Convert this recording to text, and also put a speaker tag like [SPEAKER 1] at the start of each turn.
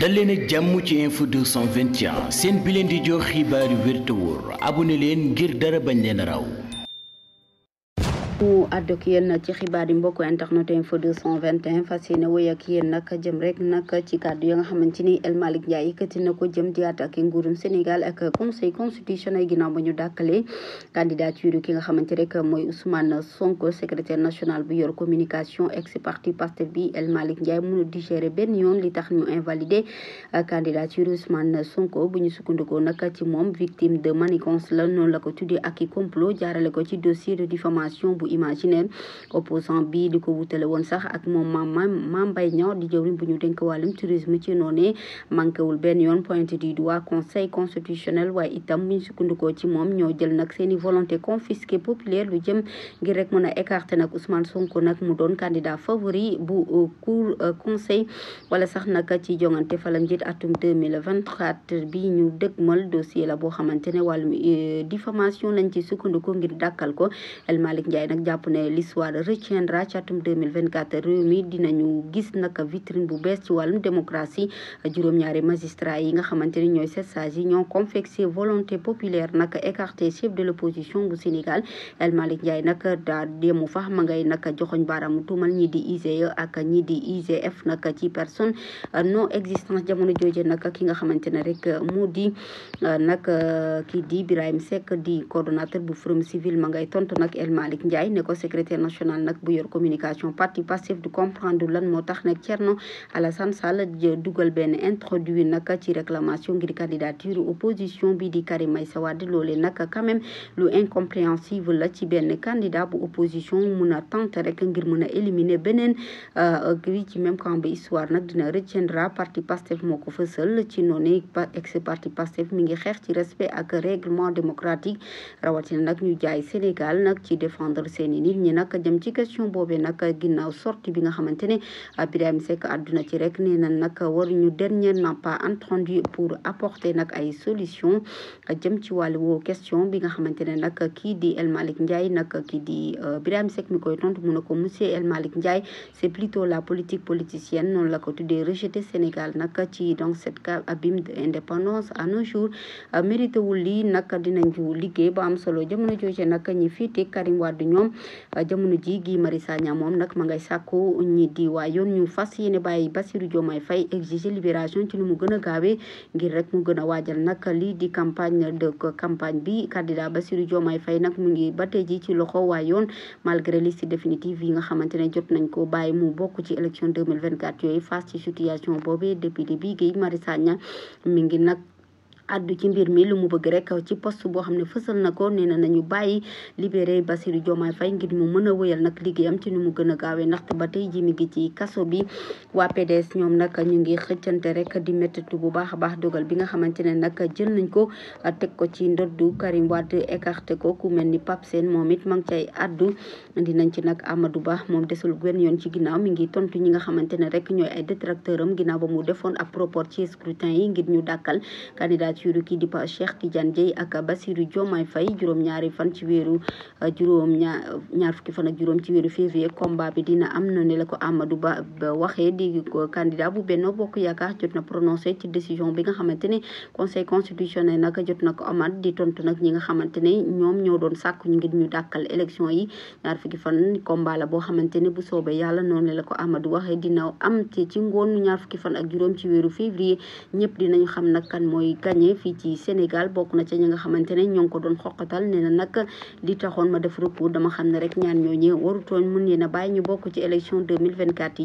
[SPEAKER 1] dal leen ak jàmm ci info 221 seen bi leen di jox xibaar yu wér te leen ngir dara bañ leen raw mu àdd ak yéen ci xibaar yi mbokk internet info 221 fas yéene woy ak yéen nag jëm rek nag ci kàddu ya nga xamante ni El Malick Ndiaye yëkkati na ko jëm di attaqué nguurum Sénégal ak conseil constitutionnel ginnaaw ba ñu dàkkale candidature ki nga xamante rek mooy Ousmane Sonko secrétaire national bu yor communication ex parti Pastef bi El Malick Ndiaye mënu digérer benn yoon li tax ñu invalidé candidature Ousmane Sonko bu ñu sukkandikoo nag ci moom victime de manigance la noonu la ko tuddee ak i complot ci dossier bu imaginaire opposant bi li ko wutale woon sax ak moom maam maam Mbaye Niang di jëwriñ bu ñu dénk wàllum tourisme ci noonee manquéwul benn yoon pointe du doigt conseil constitutionnel waaye itam muñ sukkandikoo ci moom ñoo jël nag seen i volonté confisquée populaire lu jëm ngir rek mën a écarter nag Ousmane Sonko nag mu doon candidat favori bu euh, cour euh, conseil wala sax nag ci jongante falam njit atum 2024 bi ñu dëgmal dossier la boo xamante ne wàllum euh, diffamation lañ ci sukkandiku ngir dàkkal ko El Malick Ndiaye nag jàpp ne l'histoire retiendra ci atum 2024 réew mi dinañu gis nag vitrine bu bees ci wàllum démocratie juróom-ñaari magistrat yi nga xamante ni ñooy sept sages yi ñoo confecté volonté populaire nag écarté chef de l'opposition bu Sénégal El Malick Ndiaye nag daa demu fax ma ngay nag joxoñ baaraamu tuumal ñi di IGE ak ñi di IGF nag ci personne non existence jamono jooje nag ki nga xamante ne rek moo di nag kii di Birahim Seck di coordonnateur bu Forum Civil ma ngay tontu Ndiaye ne ko secrétaire national nag bu yor communication parti Pastef du comprendre lan moo tax nag Thierno Alassane Sall dugal benn introduit nag ci réclamation ngir candidature opposition bi di Karim Meïssa Wade loolee nag la ci benn candidat bu opposition mun a tenter rek ngir mun a éliminer beneen euh, ci même camp ba histoire nag dina retiendra parti Pastef moo ko fësal ci noonu ex parti Pastef mi ngi xeex ci respect ak règlement démocratique rawatina nag ñu jaay Sénégal nag ci défendre seeni nit ñi nag jëm ci question boobee nag ginnaaw sortie bi nga xamante ne Birahim Seck àdduna ci rek nee na nag waruñu dernièrement pas entendu pour apporter nag ay solution jëm ci wàllu question bi nga xamante ne nag kii di El Malick Ndiaye nag kii di euh, Birahim Seck mi koy tontu mu ne ko monsieur El Malick Ndiaye c'est plutôt la politique politicienne noonu la ko tuddee rejeté Sénégal nag ci donc cette cave abîme de indépendance à nos jours euh, mérité wul lii nag dinañ ci liggéey ba am solo jamono jooju nag ñi fiite Karim Wade ñoom moom ah, jamono ji Guy Marius Sagna moom nag ma ngay sàkku ñi di waa yoon ñu fas yéene bàyyi Bassirou Diomaye Faye exiger libération ci nu mu gën a gaawee ngir rek mu gën a waajal nag lii di campagne de campagne bi candidat Bassirou Diomaye fay nag mu ngi ba tey ji ci loxo waay yoon malgré liste définitive yi nga xamante ne jot nañ ko bàyyi mu bokk ci élection 2024 yooyu face ci situation boobee depuis début Guy Marius Sagna mi ngi nag addu ci mbir mi lu mu bëgg rek ci post boo xam ne fësal na ko nee na nañu bàyyi libéré Bassirou Diomaye Faye ngir ñu mën a wëyal nag liggéeyam ci nu mu gën a gaawee ndaxte ba tey ji mi ngi ci kaso bi waa PDS ñoom nag ñu ngi xëccante rek di méttitu bu baax a baax dogal bi nga xamante ne nag jël nañ ko teg ko ci ndoddu Karim Wade écarté ko ku mel ni Pape Sène moom it ma ngi cay addu dinañ ci nag Amadou baax moom desul benn yoon ci ginnaaw mi ngi tontu ñi nga xamante ne ñooy ay détracteur am ginnaaw ba mu defoon ab rapport ci scrutin yi ngir ñu dàkkal candidature kii di pa Cheikh Tidiane Dièye ak Bassirou Diomaye Faye juróom-ñaari fan ci weeru euh, juróom ñaar ñaar fukki fan ak juróom ci weeru février combat bi dina am noonu la ko Amadou Ba waxee di candidat bu Benno Bokk Yaakaar jot na prononcé ci décision bi nga xamante ne conseil constitutionnel nag jot na ko amaat di tontu nag ñi nga xamante ne ñoom ñoo doon sàkku ñu ñu dàkkal élection yi ñaar fukki fan boo xamante ne bu soobee yàlla noonu la ko Amadou waxee dina am te ci ngoonu ñaar fukki fan ak juróom ci weeru février ñëpp dinañu xam nag kan mooy gagné ràññee fii ci Sénégal bokk na ca ñi nga xamante ne ñoo ngi ko doon xoqatal nee na nag li taxoon ma def recours dama xam ne rek ñaan ñooñee warutoon mën leen a bàyyi ñu bokk ci élection 2024 yi